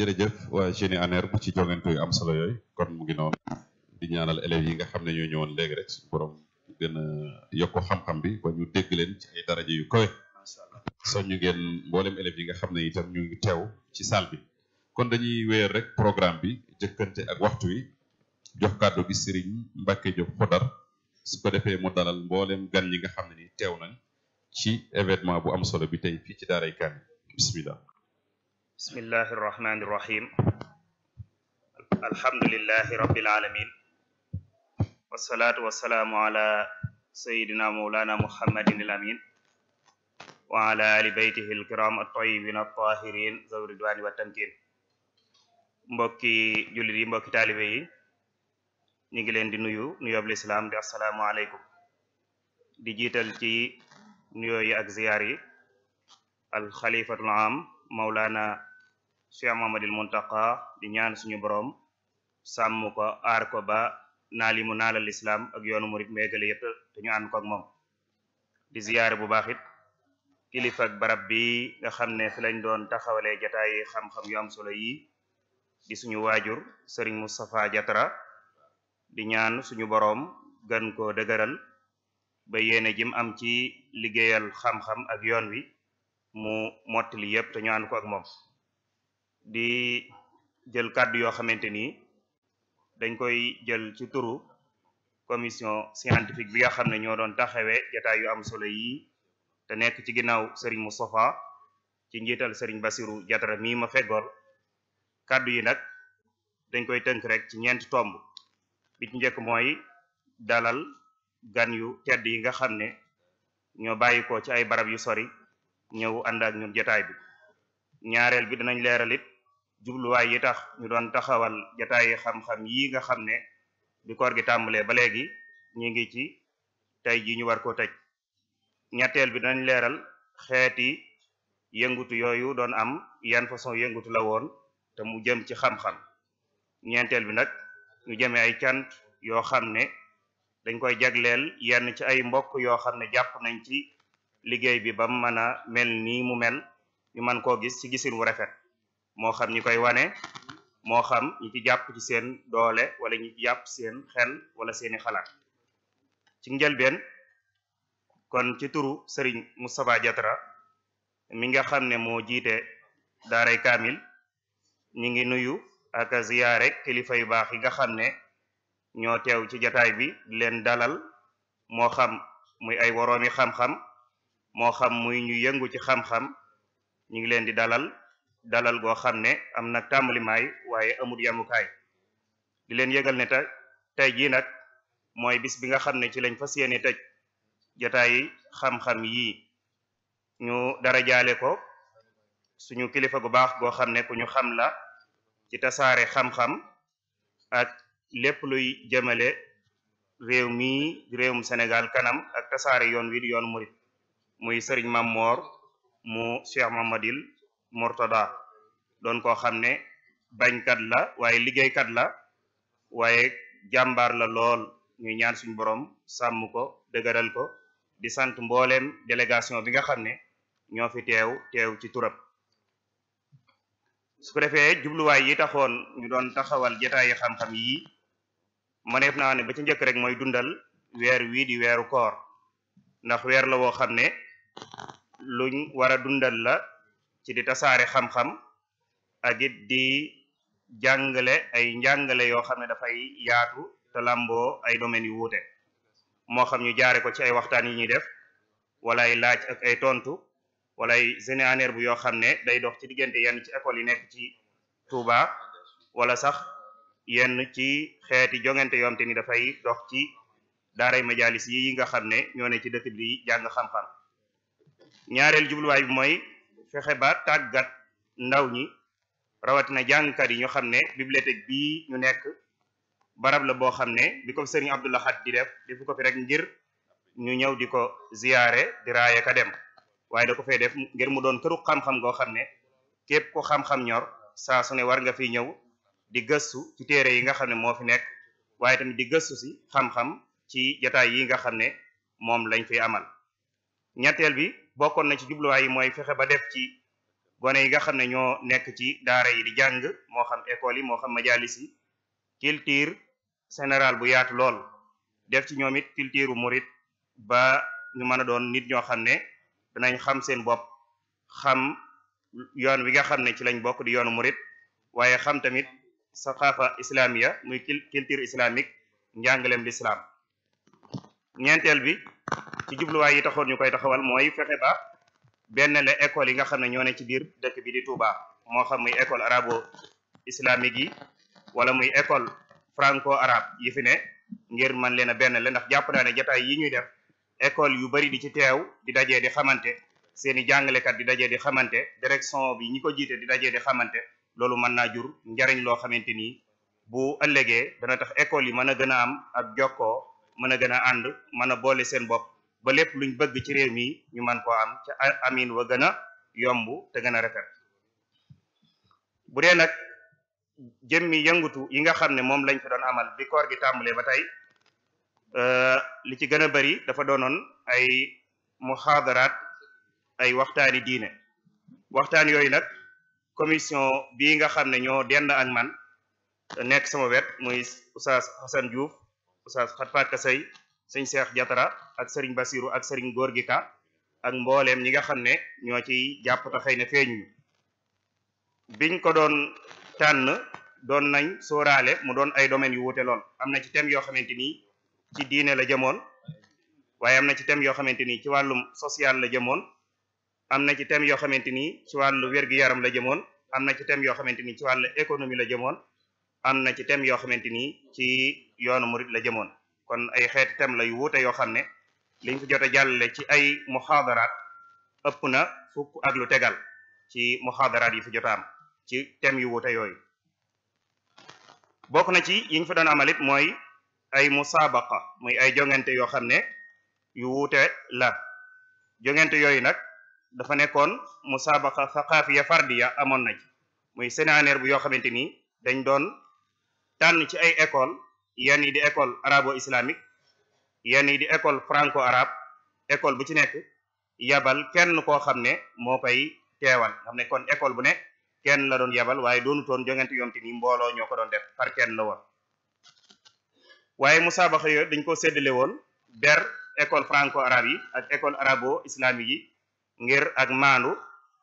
jërëjëf waa génie en herbe ci jongante yu am solo yooyu kon mu ngi noonu ñaanal élèves yi nga xam ne ñoo ñëwoon léegi rek suñu borom gën xam-xam bi ba ñu dégg ci ay daraja yu soññu ngeen mboolem élèves yi nga xam ne itam ñu ngi teew ci salle bi kon dañuy wéer rek programme bi jëkkante ak waxtu wi jox kàddu gi Serigne Mbacke Diop Xodar su ko defee mu dalal mboolem gan yi nga xam ne ni teew nañ ci événement bu am solo bi tey fii ci daaray Kaamil bismillah bismillahi rahmani rahim alhamdulillahi rabbil alamin wasalaatu wasalaamu ala sayidina maulana muhammadin amin wa ala ali baytihi alkiram at-tayyibin at-tahirin zawi ridwani mbokki jullit yi mbokki taalibe yi ñu ngi leen di nuyu nuyoob lislaam di assalaamu aleykum di jiital ci nuyoo yi ak ziyaar yi alxalifatul am maulana cheikh mahamadil muntaqa di ñaan suñu borom sàmm ko aar ko ba naa li mu naalal lislaam ak yoonu murit meegale yépp te ñu ànd ko moom di ziyaare bu baax kilifa barab bi nga xam ne fi lañ doon taxawalee jataay xam-xam yu am solo yi di suñu waajur sëriñ Moustapha Diatara di ñaan suñu boroom gën koo dëgëral ba yéene jim am ci liggéeyal xam-xam ak yoon wi mu mottali yépp te ñu ànd ak moom di jël kàddu yoo xamante ni dañ koy jël ci turu commission scientifique bi nga xam ne ñoo doon taxawee jataay yu am solo yi te nekk ci ginnaaw sëriñ mu Moustapha ci njiital sëriñ Basiru Jatara mii ma feggool kàddu yi nag dañ koy tënk rek ci ñeenti tomb bi ci njëkk mooy dalal gan yu tedd yi nga xam ne ñoo bàyyikoo ci ay barab yu sori ñëw ànd ak ñun jataay bi ñaareel bi danañ leeral it jubluwaay yi tax ñu doon taxawal jataay yi xam-xam yi nga xam ne bi koor gi tàmbalee ba léegi ñu ngi ci tey jii ñu war koo tej ñetteel bi dañ leeral xeeti yëngutu yooyu doon am yan façon yëngutu la woon te mu jëm ci xam-xam ñeenteel bi nag ñu jëmee ay cant yoo xam ne dañ koy jagleel yenn ci ay mbokk yoo xam ne jàpp nañ ci liggéey bi ba mu mën a mel nii mu mel ñu mën koo gis ci gisin wu rafet moo xam ñi koy wane moo xam ñi ci jàpp ci seen doole wala ñi ci jàpp seen xel wala seeni xalaat ci njëlbeen kon ci turu Serigne Moustapha jatra mi nga xam ne moo jiite daaray kaamil ñi ngi nuyu ak ziyaare kilifa yu baax yi nga xam ne ñoo teew ci jataay bi leen dalal moo xam muy ay woroomi xam-xam moo xam muy ñu yëngu ci xam-xam ñu ngi leen di dalal dalal goo xam ne am na tàmbalimaay waaye amul yamukaay di leen yëgal ne te tey jii mooy bis bi nga xam ne ci lañ fa yéene tëj jataay xam-xam yii ñu dara jaale ko suñu kilifa gu baax goo xam ne ku ñu xam la ci tasaare xam-xam ak lépp luy jëmale réew mi réewum Sénégal kanam ak tasaare yoon wi yoon murit muy sëriñ Mamor mu Cheikh Mamadil Mortada doon koo xam ne bañkat la waaye liggéeykat la waaye jàmbaar la lool ñu ñaan suñu boroom sàmm ko dëgëral ko di sant mbooleem délégation bi nga xam ne ñoo fi teew teew ci turab su ko defee jubluwaay yi taxoon ñu doon taxawal jataayi xam-xam yii mëneef naa ne ba ci njëkk rek mooy dundal weer wii di weeru koor ndax weer la woo xam ne luñ war a dundal la ci di tasaare xam-xam ak it di jàngale ay njàngale yoo xam ne dafay yaatu te làmboo ay domaines yu wuute moo xam ñu jaare ko ci ay waxtaan yi ñuy def wala ay laaj ak ay tontu wala ay séminaire bu yoo xam ne day dox ci diggante yenn ci école yi nekk ci Touba wala sax yenn ci xeeti jongante yoo xam te ni dafay dox ci daaray majalis yi nga xam ne ñoo ne ci dëkk bi jàng xam-xam ñaareel jubluwaay bi mooy fexe ba tàggat ndaw ñi rawatina jàngkat yi ñu xam ne bibliothèque bii ñu nekk barab la boo xam ne bi ko sëriñ Abdou Lahad di def defu ko fi rek ngir ñu ñëw di ko ziyaare di raaye ka dem waaye da ko fee def ngir mu doon këru xam-xam goo xam ne képp ko xam-xam saa su ne war nga fi ñëw di gëstu ci téere yi nga xam ne moo fi nekk waaye tamit di gëstu si xam ci jataay yi nga xam ne moom lañ fi amal ñetteel bi bokkoon na ci jubluwaay yi mooy fexe ba def ci gone yi nga xam ne ñoo nekk ci daara yi di jàng moo xam école yi moo xam majalis yi culture général bu yaat lool def ci ñoom it culture murit ba ñu mën a doon nit ñoo xam ne danañ xam seen bopp xam yoon wi nga xam ne ci lañ bokk di yoonu murit waaye xam tamit saxaafa islamiya muy culture islamique njàngaleem lislaam ñeenteel bi ci jubluwaay yi taxoon ñu koy taxawal mooy fexe ba benn école yi nga xam ne ñoo ne ci biir dëkk bi di Touba moo xam muy école arabo islamique yi wala muy école franco arabe yi fi ne ngir man leen a benn la ndax jàpp naa ne jataay yi ñuy def école yu bari di ci teew di dajee di xamante seeni jàngalekat di dajee di xamante direction bi ñu ko jiite di dajee di xamante loolu mën naa jur njariñ loo xamante nii bu ëllëgee dana tax école yi mën a gën a am ak jokkoo mën a gën a ànd mën a boole seen bopp ba lépp luñ bëgg ci réew mi ñu mën koo am ca amin wa gën a yomb te gën a rafet bu dee nag jëmmi yëngutu yi nga xam ne moom lañ fi doon amal bi koor gi tàmbalee ba tey euh, li ci gën a bari dafa doonoon ay muxaadaraat ay waxtaani diine waxtaan yooyu nag commission bii nga xam ne ñoo dend ak man nekk sama wet muy oustaz Hassan Diouf oustaz Fatfat Kasay sëñ Cheikh Jatara ak sëriñ Basiru ak sëriñ Gorgui Ka ak mbooleem ñi nga xam ne ñoo ciy jàpp te xëy na feeñu biñ ko doon tànn doon nañ sooraale mu doon ay domaines yu wuute loon am na ci thème yoo xamante ni ci diine la jëmoon waaye am na ci thème yoo xamante ni ci wàllum social la jëmoon am na ci thème yoo xamante ni ci wàllu wér yaram la jëmoon am na ci thème yoo xamante ni ci wàllu économie la jëmoon am na ci thème yoo xamante ni ci yoonu murit la jëmoon kon ay xeet thème la yu wuute yoo xam ne liñ fi jot a jàllale ci ay muxaadaraat ëpp na fukk ak lu tegal ci muxaadaraat yi fi jot ci thèmes yu wute yooyu bokk na ci yi ñu fa doon amalit mooy ay musaabaqa muy ay jongante yoo xam ne yu wuute la jongante yooyu nag dafa nekkoon musaabaqa thaqafiya fardiya amoon na ci mooy séminaire bu yoo xamante ni dañ doon tànn ci ay école yenn yi di école arabo islamique yenn yi di école franco arabe école bu ci nekk yabal kenn koo xam ne moo koy teewal xam ne kon école bu nekk kenn la doon yabal waaye doonu toon jongante yom te ni mbooloo ñoo ko doon def par kenn la woon waaye musaabaxa yooyu dañ ko séddale woon ber école franco arabe yi ak école arabo islamique yi ngir ak maandu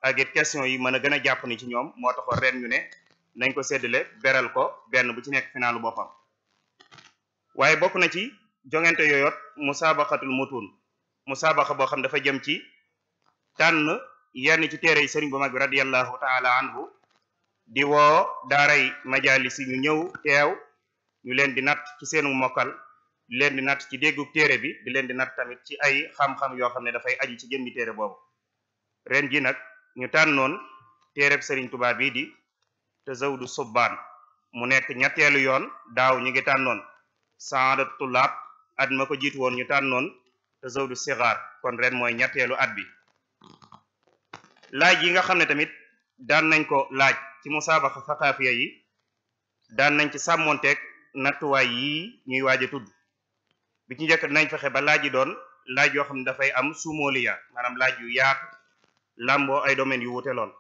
ak it question yi mën a gën a jàpp ni ci ñoom moo taxoon ren ñu ne nañ ko séddale beral ko benn bu ci nekk finaalu boppam waaye bokk na ci jongante yooyot musaabaxatul mutun musaabaxa boo xam dafa jëm ci tànn yenn ci téere yi sëriñ bu mag bi radiallahu taala anhu di woo daaray majalis yi ñu ñëw teew ñu leen di nat ci seenu mokkal di leen di natt ci déggu téere bi di leen di natt tamit ci ay xam-xam yoo xam ne dafay aju ci jëmmi téere boobu ren ji nag ñu tànnoon téereb sëriñ tubaab bii di Tazawudu Subbaan mu nekk ñetteelu yoon daaw ñu ngi tànnoon saadatu tulaab at ma ko jiit woon ñu noon Tazawudu Sigaar kon ren mooy ñetteelu at bi laaj yi nga xam ne tamit daan nañ ko laaj ci musaabaxa saqaafiya yi daan nañ ci sàmmonteeg nattuwaay yi ñuy waaj a tudd bi ci njëkk nañ fexe ba laaj yi doon laaj yoo xam ne dafay am sumóoliya maanaam laaj yu yaatu làmboo ay domaines yu wute lool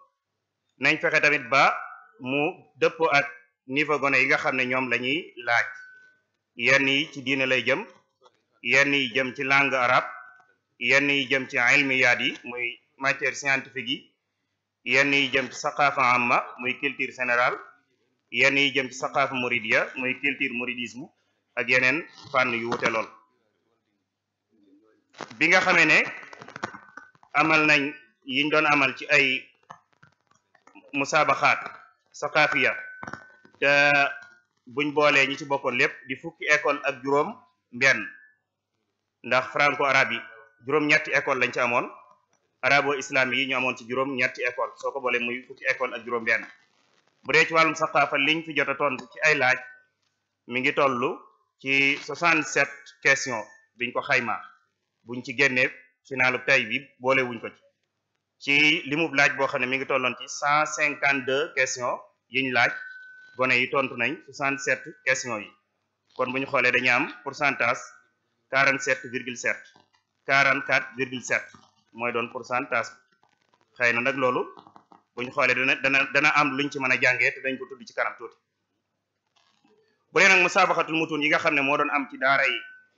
nañ fexe tamit ba mu dëppoo ak niveau gone yi nga xam ne ñoom lañuy laaj yenn yi ci diine lay jëm yenn yi jëm ci langue arabe yenn yi jëm ci ilmiyaat yi muy matière scientifique yi yenn yi jëm ci saqaafa amma muy culture générale yenn yi jëm ci saqaafa muridiya muy culture mouridisme ak yeneen fànn yu wute lool bi nga xamee ne amal nañ yiñ doon amal ci ay musaabaxaat saqaafiya te buñ boolee ñi ci bokkoon lépp di fukki école ak juróom mbenn ndax franco arabe yi juróom ñetti école lañ ci amoon arabo islam yi ñu amoon ci juróom ñetti école soo ko boole muy fukki école ak juróom benn bu dee ci wàllum saxaafa liñ fi jot a tontu ci ay laaj mi ngi tollu ci 67 question biñ ko xaymaa buñ ci génnee finaalu tay bi boole wuñ ko ci ci limub laaj boo xam ne mi ngi tolloon ci 152 question yiñ laaj gone yi tontu nañ 67 question yi kon bu ñu xoolee dañu am pourcentage 47 virgule 7 44 virgule 7 mooy doon pour pourcentage xëy na nag loolu buñ xoolee dana dana dana am luñ ci mën a jàngee te dañ ko tudd ci kanam tuuti bu dee nag musaabaxatul mutuun yi nga xam ne moo doon am ci daaray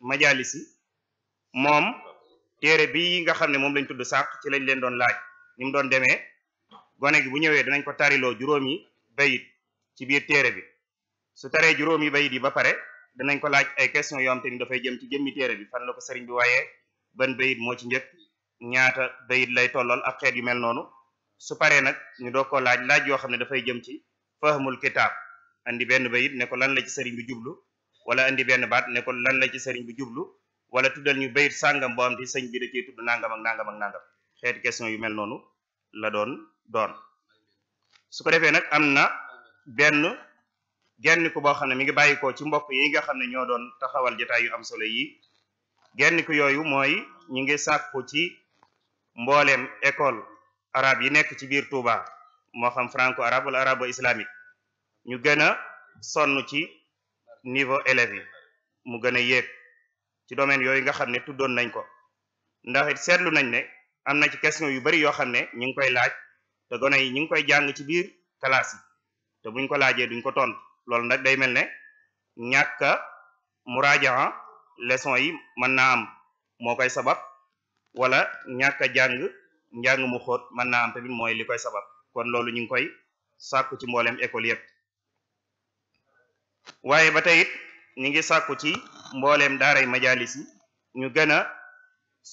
majalis yi moom téere bi nga xam ne moom lañ tudd sàq ci lañ leen doon laaj ni mu doon demee gone gi bu ñëwee danañ ko tariloo juróom juróomi bayit ci biir téere bi su taree juróomi bayit yi ba pare danañ ko laaj ay question yoo am te ni dafay jëm ci jëmmi téere bi fan la ko sëriñ bi waaye ban bayit moo ci njëkk ñaata bayit lay tollool ak xeet yu mel noonu su paree nag ñu doo ko laaj laaj yoo xam ne dafay jëm ci fahmul kitaab indi benn bayit ne ko lan la ci sëriñ bi jublu wala andi benn baat ne lan la ci sëriñ bi jublu wala tuddal ñu bayit sàngam boo xam te sëñ bi da cee tudd nangam ak nangam ak nangam xeeti question yu mel noonu la doon doon su ko defee nag am na benn genn ku boo xam ne mu ngi bàyyi ko ci mbokk yi nga xam ne ñoo doon taxawal jotaay yu am solo yi genn ku yooyu mooy ñu ngi sàkku ci mbooleem école arabe yi nekk ci biir Touba moo xam franco arabe wala arabo islamique ñu gën a sonn ci niveau élèves yi mu gën a yéeg ci domaine yooyu nga xam ne tuddoon nañ ko ndax it seetlu nañ ne am na ci question yu bari yoo xam ne ñu ngi koy laaj te gone yi ñu ngi koy jàng ci biir classe yi te buñ ko laajee duñ ko tontu loolu nag day mel ne ñàkk a muraajaa leçon yi mën naa am moo koy sabab wala ñàkk a jàng mu xóot mën na am tamit mooy li koy sabab kon loolu ñu ngi koy sàkku ci mbooleem école yépp waaye ba tey it ñu ngi sàkku ci mbooleem daaray majalis yi ñu gën a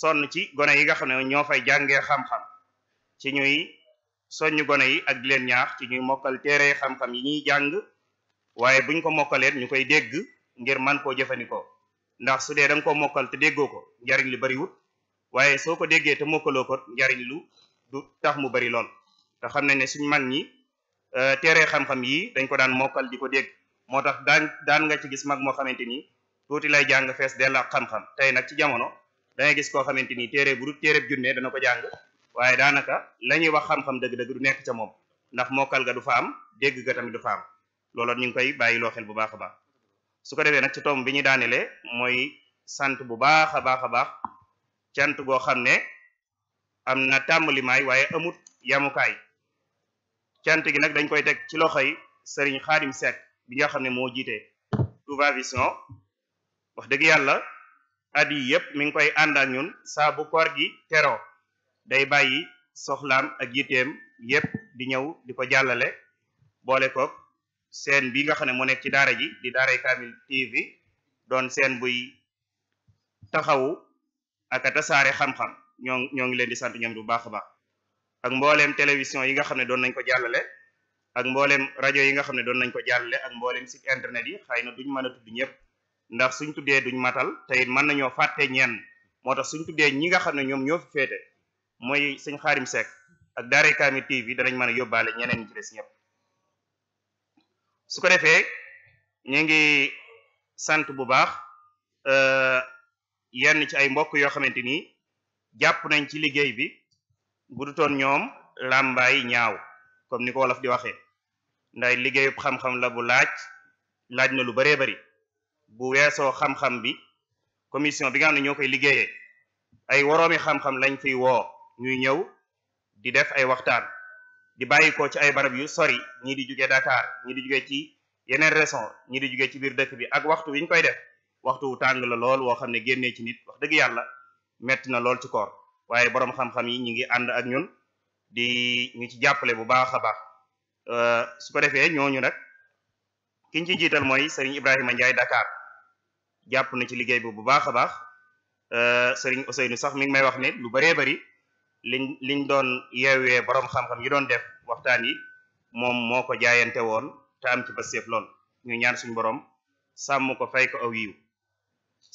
sonn ci gone yi nga xam ne ñoo fay jàngee xam-xam ci ñuy soñ gone yi ak leen ñaax ci ñuy mokkal téere xam-xam yi ñuy jàng waaye buñ ko mokkaleen ñu koy dégg ngir man koo jëfandikoo ndax su dee da nga koo mokkal te déggoo ko njariñ li bariwut waaye soo ko déggee te mokkaloo ko njariñ lu du tax mu bari lool te xam nañ ne suñ mag ñi euh, téere xam-xam yii dañ ko daan mokkal di ko dégg moo tax daan daan nga ci gis mag moo xamante ni tuuti lay jàng fees dell ak xam tey nag ci jamono da gis koo xamante ni téere bu téere téereb junne dana ko jàng waaye daanaka la ñuy wax xam-xam dëgg-dëgg du nekk ca moom ndax mokkal ga du fa am dégg ga tamit du fa am loolu ñu ngi koy bàyyiloo xel bu baax a baax su ko defee nag ci tomb bi ñu daanelee mooy sant bu baax a baax a baax cant goo xam ne am na tàmbalimaay waaye amut yamukaay cant gi nag dañ koy teg ci loxoy sëriñ xaadim seet bi nga xam ne moo jiite Touba wax dëgg yàlla at yi yëpp mi ngi koy ànd ñun saabu bu koor gi teroo day bàyyi soxlaam ak yiteem yëpp di ñëw di ko jàllale boole koog seen bi nga xam ne moo nekk ci daara ji di daaray Kamil TV doon seen buy taxawu ak a tasaare xam-xam ñoo ñoo ngi leen di sant ñoom bu baax a baax ak mbooleem télévision yi nga xam ne doon nañ ko jàllale ak mbooleem rajo yi nga xam ne doon nañ ko jàllale ak mbooleem site internet yi xëy na duñ mën a tudd ñëpp ndax suñ tuddee duñ matal te it mën nañoo fàtte ñenn moo tax suñ tuddee ñi nga xam ne ñoom ñoo fi féete mooy sëñ Xaarim Seck ak Daaray Kaamil TV danañ mën a yóbbaale ñeneen ñi ci des defee ñu sant bu baax euh, yenn ci ay mbokk yoo xamante ni jàpp nañ ci liggéey bi bu du toon ñoom làmbaay ñaaw comme ni ko wolof di waxee nday liggéeyub xam-xam la bu laaj laaj na lu baree bari bu weesoo xam-xam bi commission bi nga xam ne ñoo koy liggéeye ay woroomi xam-xam lañ fiy woo ñuy ñëw di def ay waxtaan di bàyyi ko ci ay barab yu sori ñii di jugee Dakar ñii di jugee ci yeneen région ñii di jugee ci biir dëkk bi ak waxtu wi koy def waxtu wu tàng la lool woo xam ne génnee ci nit wax dëgg yàlla metti na lool ci koor waaye borom xam-xam yi ñi ngi ànd ak ñun di ñu ci jàppale bu baax a baax euh, su ko defee ñooñu nag kiñ ci jiital mooy Serigne Ibrahima Ndiaye Dakar jàpp na ci liggéey bi bu baax a baax euh, Serigne Ousseynou sax mi ngi may wax ne lu bëree bari liñ liñ doon yeewee borom xam-xam yi doon def waxtaan yi moom moo ko jaayante woon te am ci ba seef lool ñu ñaan suñu borom sàmm ko fay ko aw yiw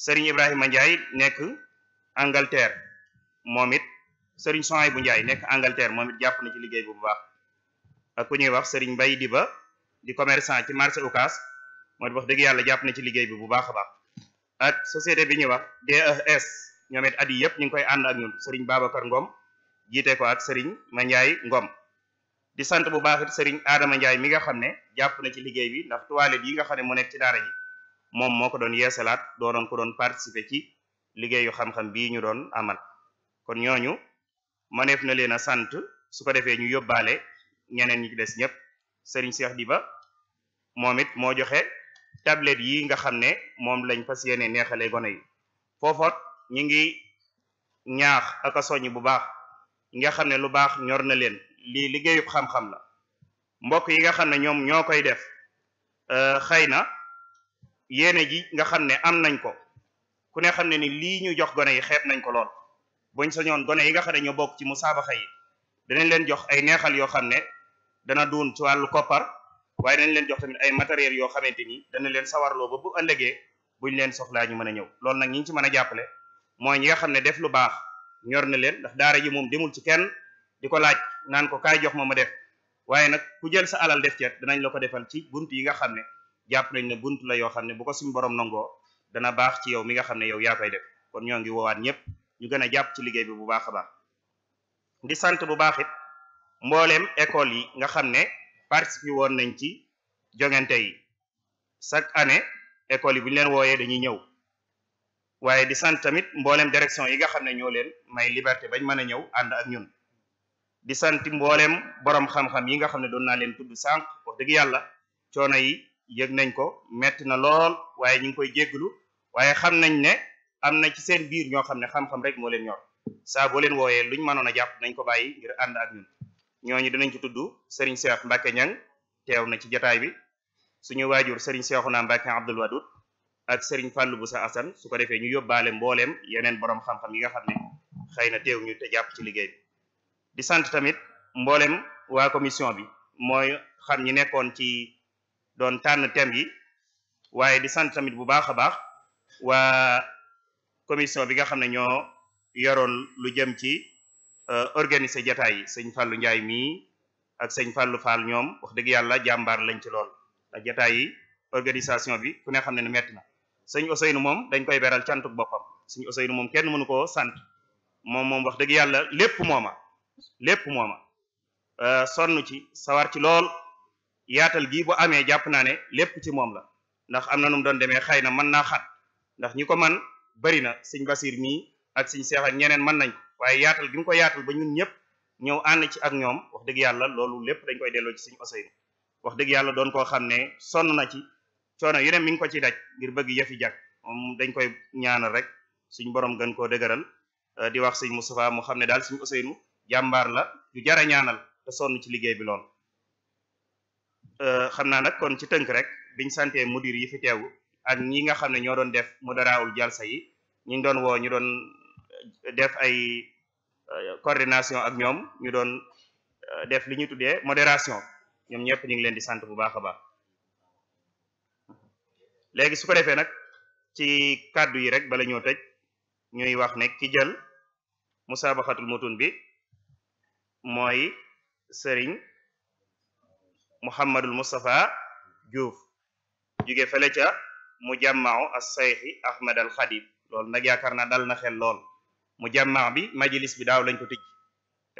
sëriñ Ibrahima Ndiaye nekk Angleterre moom it sëriñ Sohay bu Ndiaye nekk Angleterre moom jàpp na ci liggéey bu baax ak ku ñuy wax sëriñ Mbay Diba di commerçant ci marché Ocass mooy wax dëgg yàlla jàpp na ci liggéey bi bu baax a baax ak société bi ñuy wax DES ñoom it at yi yëpp ñu ngi koy ànd ak ñun sëriñ Babacar ngoom jiite ko ak sëriñ ma Mandiaye ngoom di sant bu baax it sëriñ Adama Ndiaye mi nga xam ne jàpp na ci liggéey bi ndax toilette yi nga xam ne mu nekk ci daara ji moom moo ko doon yeesalaat doon ko doon participer ci liggéeyu xam-xam bii ñu doon amal kon ñooñu maneef na leen a sant su ko defee ñu yóbbaale ñeneen ñi des ñëpp Serigne Cheikh Diba moom it moo joxe tablet yi nga xam ne moom lañ fas yéene neexale gone yi foofoot ñi ngi ñaax ak a soññ bu baax nga xam ne lu baax ñor na leen lii liggéeyu xam-xam la mbokk yi nga xam ne ñoom ñoo koy def euh, xëy na yéene ji nga xam ne am nañ ko ku ne xam ne ni lii ñu jox gone yi xeet nañ ko lool buñ sañoon gone yi nga xam ne ñoo bokk ci mu musaabaxa yi danañ leen jox ay neexal yoo xam ne dana duun ci wàllu koppar waaye dañ leen jox tamit ay matériel yoo xamante ni dana leen sawarloo ba bu ëllëgee buñ leen soxlaa ñu mën a ñëw lool nag ñi ñu ci mën a jàppale mooy ñi nga xam ne def lu baax ñor na leen ndax daara ji moom demul ci kenn di ko laaj naan ko kaay jox ma ma def waaye nag ku jël sa alal def ceet danañ la ko defal ci bunt yi xam ne jàpp nañ ne bunt la yoo xam ne bu ko suñu borom nangoo dana baax ci yow mi nga xam ne yow yaa koy def kon ñoo ngi woowaat ñëpp ñu gën a jàpp ci liggéey bi bu baax a baax di sant bu baax it mbooleem école yi nga xam ne participé woon nañ ci jongante yi chaque année école yi bu ñu leen wooyee dañuy ñëw waaye di sant tamit mbooleem direction yi nga xam ne ñoo leen may liberté bañ mën a ñëw ànd ak ñun di sant mbooleem borom xam-xam yi nga xam ne doon naa leen tudd sànq dëgg yàlla yëg nañ ko metti na lool waaye ñu ngi koy jégglu waaye xam nañ ne am na ci seen biir ñoo xam ne xam-xam rek moo leen ñoo saa boo leen wooyee luñ mënoon a jàpp nañ ko bàyyi ngir ànd ak ñun ñooñu dinañ ci tudd Serigne Cheikh Mbacke Niang teew na ci jataay bi suñu waajur Serigne Cheikhouna Mbacke Abdoul Wadoud ak Serigne Fallou Boussa Assane su ko defee ñu yóbbaale mbooleem yeneen boroom xam-xam yi nga ne xëy na teew ñu te jàpp ci liggéey bi di sant tamit mboolem waa commission bi mooy xam ñi nekkoon ci doon tànn thème yi waaye di sant tamit bu baax a baax waa commission bi nga xam ne ñoo yoroon lu jëm ci euh, organiser jataay yi sëñ Fallou Ndiaye mii ak sëñ fallu Fall ñoom wax dëgg yàlla jàmbaar lañ ci lool ak jataay yi organisation bi ku ne xam ne ne mett na sëñ Ousseynou moom dañ koy beral cantuk boppam sëñ Ousseynou moom kenn mënu koo sant moom moom wax dëgg yàlla lépp mooma lépp mooma euh, sonn ci sawar ci lool yaatal gi bu amee jàpp naa ne lépp ci moom la ndax am na nu mu doon demee xay na mën naa xat ndax ñi ko man bari na sëñ Basiir mii ak sëñ Seex ñeneen mën nañ waaye yaatal gi mu ko yaatal ba ñun ñëpp ñëw ànd ci ak ñoom wax dëgg yàlla loolu lépp dañ koy delloo ci sëñ Ousseynou wax dëgg yàlla doon koo xam ne sonn na ci coono yu ne mi ngi ko ci daj ngir bëgg yëfi jàkk moom dañ koy ñaanal rek suñ borom gën koo dëgëral di wax sëñ Moustapha moo xam ne daal sëñ Ousseynou jàmbaar la ju jara ñaanal sonn ci liggéey bi lool Euh, xam naa nag kon ci tënk rek biñ santee mudir yi fi teewu ak ñi nga xam ne ñoo doon def mu modaraawul jalsa yi ñu doon woo ñu doon euh, def ay euh, coordination ak ñoom ñu doon def li ñuy tuddee modération ñoom ñëpp ñu ngi leen di sant bu baax a baax léegi su ko defee nag ci kàddu yi rek bala ñoo tëj ñuy wax ne ki jël musaabaxatul mutun bi mooy sëriñ Mouhamadul Moustapha Diouf jóge fele ca mu jàmmaaw as Ahmad al Xadim loolu nag yaakaar naa dal na xel lool mu jàmmaaw bi majalis bi daaw lañ ko tëj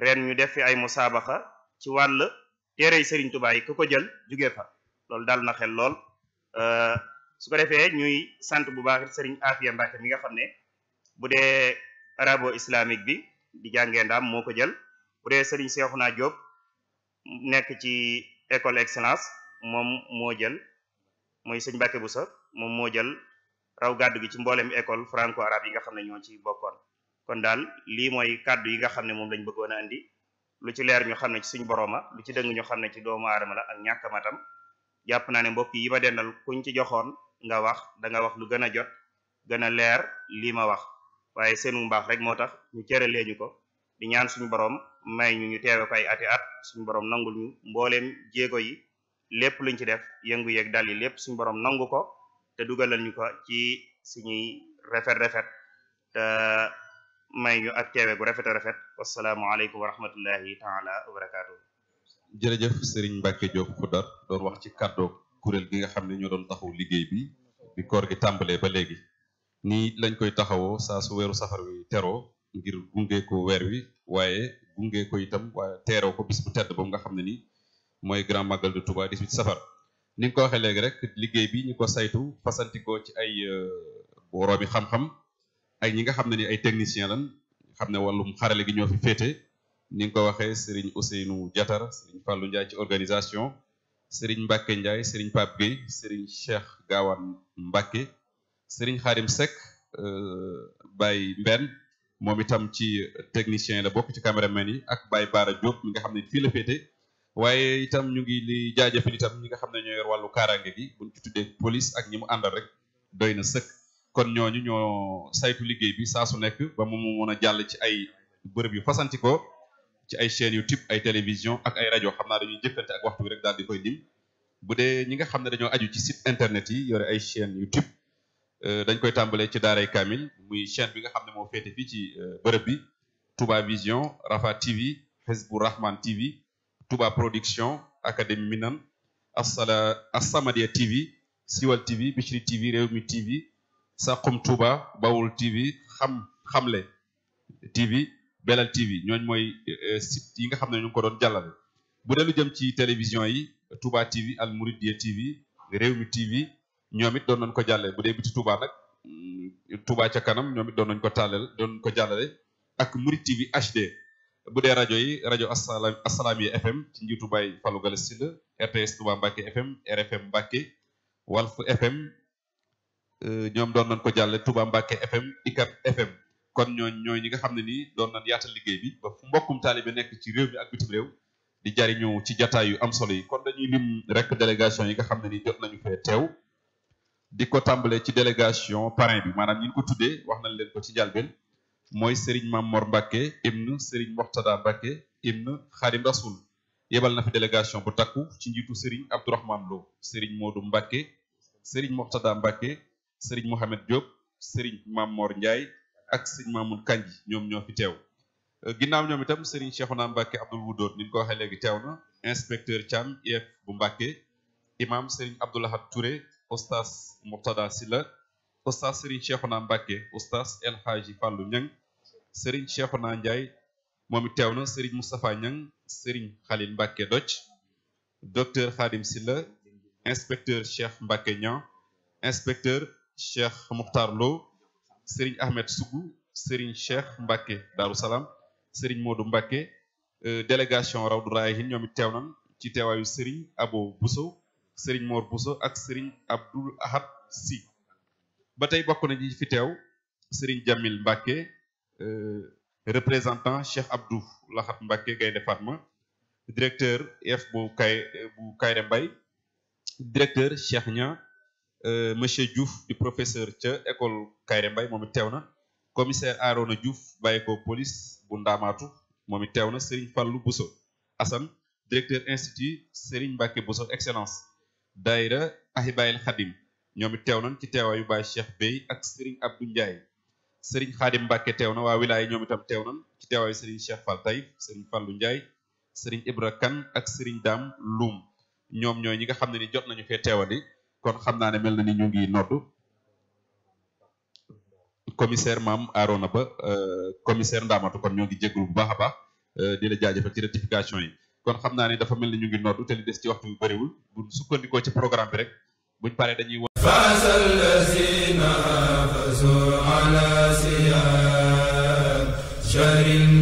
ren ñu def fi ay musaabaxa ci wàll téerey Sëriñ Tuubaa yi ku ko jël jóge fa loolu dal na xel lool euh, su ko defee ñuy sant bu baax Sëriñ Afiya Mbàkke mi nga xam ne bu dee arabo islamique bi di jàngee ndaam moo ko jël bu dee Sëriñ Seexuna Jóob nekk ci école excellence moom moo jël mooy sëñ bu Busso moom moo jël raw gàddu gi ci mboolem école franco-arabe yi nga xam ne ñoo ci bokkoon kon daal lii mooy kàddu yi nga xam ne moom lañ bëggoon andi lu ci leer ñu xam ne ci suñ borooma lu ci dëng ñu xam ne ci doomu aadama la ak ñàkk matam jàpp naa ne mbokk yi ma dendal kuñ ci joxoon nga wax danga wax lu gën a jot gën a leer lii ma wax waaye seenu mbaax rek moo tax ñu cëralee ñu ko di ñaan suñu boroom may ñu ñu teewe ko ay ati at suñu boroom nangu ñu mbooleem jéego yi lépp luñ ci def yëngu yeeg dal yi lépp suñu borom nangu ko te dugalal ñu ko ci suñuy rafet rafet te may ñu ak teewe gu rafet a rafet wasalaamu aleykum wa rahmatullahi taala wa barakaatu. jërëjëf Serigne Mbacke Diop Khoudar doon wax ci kàddu kuréel gi nga xam ne ñoo doon taxaw liggéey bi bi koor gi tàmbalee ba léegi nii lañ koy taxawoo saa su weeru safar wi teroo ngir gunge weer wi waaye gunge yitam itam waaye teeroo ko bis tedd boobu nga xam ne nii mooy grand magal de Touba 18 safar ni nga ko waxee léegi rek liggéey bi ñu ko saytu fasantikoo ci ay euh, boroomi xam-xam ak ñi nga xam ne ni ay technicien lan xam ne wàllum xarale gi ñoo fi féete ni nga ko waxee sëriñ Ousseynou Diatar sëriñ Fallou Ndiaye ci organisation sëriñ Mbacke Ndiaye sëriñ Pape Gueye sëriñ Cheikh Gawane Mbacke sëriñ Xaarim sek euh, Baye Mbène moom itam ci technicien yi la bokk ci caméraman yi ak Baye Baara Diop mi nga xam ne fii la féete waaye itam ñu ngi li jaajëfal itam ñi nga xam ne ñoo yor wàllu kaaraange gi ci tuddee police ak ñi mu àndal rek doy na sëkk kon ñooñu ñoo saytu liggéey bi saa su nekk ba mu mën a jàll ci ay bërëb yu fasanti ko ci ay chaînes YouTube ay télévision ak ay rajo xam naa dañuy jëkkante ak waxtu bi rek daal di koy lim bu dee ñi nga xam ne dañoo aju ci site internet yi yore ay chaînes YouTube dañ koy tàmbalee ci daaray Kamil muy chaîne bi nga xam ne moo féete fii ci bërëb bi Touba Vision Rafa TV Hezbou Rahman TV Touba Production Académie Minan Assala Assamadia TV Siwal TV Bichri TV Rewmi TV Saxum Touba Bawul TV xam xamle TV Belal TV ñooñ mooy site yi nga xam ne ñu ngi ko doon jàllale bu dee lu jëm ci télévision yi Touba TV Al yi TV Rewmi TV ñoom it doon nañ ko jàllee bu dee bi ci Touba nag mm, Touba ca kanam ñoom it doon nañ ko tàlleel doon ko jàllale ak Murid TV HD bu dee rajo yi rajo asalaam Assalaamy FM ci njiitu Baye Fallou Galass Syll RTS Touba Mbacké FM RFM Mbacké Walf euh, ñoom doon nañ ko jàllale Touba Mbacké FM ICAP kon ñooñ ñooy ñi nga xam ne nii doon nañ yaatal liggéey bi ba fu mbokkum taalibe nekk ci réew mi ak bitim réew di jariñu ci jataay yu am solo yi kon dañuy lim rek délégation yi nga xam ne nii jot nañu fee teew di ko tàmbalee ci délégation parrain bi maanaam ñi ko tuddee wax nañ leen ko ci njàlbeen mooy Serigne Mame Mor Mbacke ibn Serigne Moxtada Mbacke ibn Xaadim Rasul yebal na fi délégation bu takku ci njiitu Serigne Abdourahmane Lo Serigne Modou Mbacke Serigne Moxtada Mbacke Serigne Mohamed Diop Serigne maam Mor Ndiaye ak Serigne Mamoun Kanji ñoom ñoo fi teew. ginnaaw ñoom itam Serigne Cheikhouna Mbacke Abdoul Wudoot ni ñu ko waxee léegi teew na inspecteur Thiam IEF bu Mbacke imam Serigne Abdoulahad oustaz Murtada Silla oustaz Serigne Cheikhouna Mbacke oustaz El Hadji Fallou Niang Serigne Cheikhouna Ndiaye moom it teew na Serigne Moustapha Niang Serigne Khalil Mbacke Doj docteur Khadim Silla inspecteur Cheikh Mbacke Niang inspecteur Cheikh Mokhtar Lo Serigne Ahmed Sougou Serigne Cheikh Mbacke Darou Salam Serigne Modou Mbacke euh, délégation Rawdu Rayahin ñoom it teew ci teewaayu Serigne Abo Bousso sëriñ Mor Bousso ak sëriñ Abdul Ahad Si ba tey bokk na ñi fi teew sëriñ Jamil Mbacke euh, représentant Cheikh Abdou Lahat Mbacke Gaynde Fatma directeur IEF bu kay bu Kayre Mbay directeur Cheikh Niang euh, monsieur Diouf di professeur ca école Kayre Mbay moom it teew na commissaire Arona Diouf bàyyi ko police bu Ndaamaatu moom it teew na sëriñ Fallou Bousso Assane directeur institut Serigne Mbacke Bousso excellence daayira ahibayil xadim ñoom it teew nañ ci teewaayu baay Cheikh Bey ak Serigne Abdou Ndiaye Serigne Xadim Mbacke teew na waa wilaay ñoom itam teew ci teewaayu Serigne Cheikh Fall Taïf Serigne Fallou Ndiaye Serigne Ibra kan ak Serigne Dame Loum ñoom ñooy ñi nga xam ne ni jot nañu fee teewali kon xam naa ne mel na ni ñu ngi noddu commissaire maam Arona Ba euh, commissaire Ndamatu kon ñoo ngi jégalu bu baax a baax euh, di la jaajëfal ci rectification yi. kon xam naa ne dafa mel ni ñu ngi noddu te li des ci waxtu bi bëriwul bu sukkandikoo ci programme bi rek buñ paree dañuy won fasal lazina fasu ala siya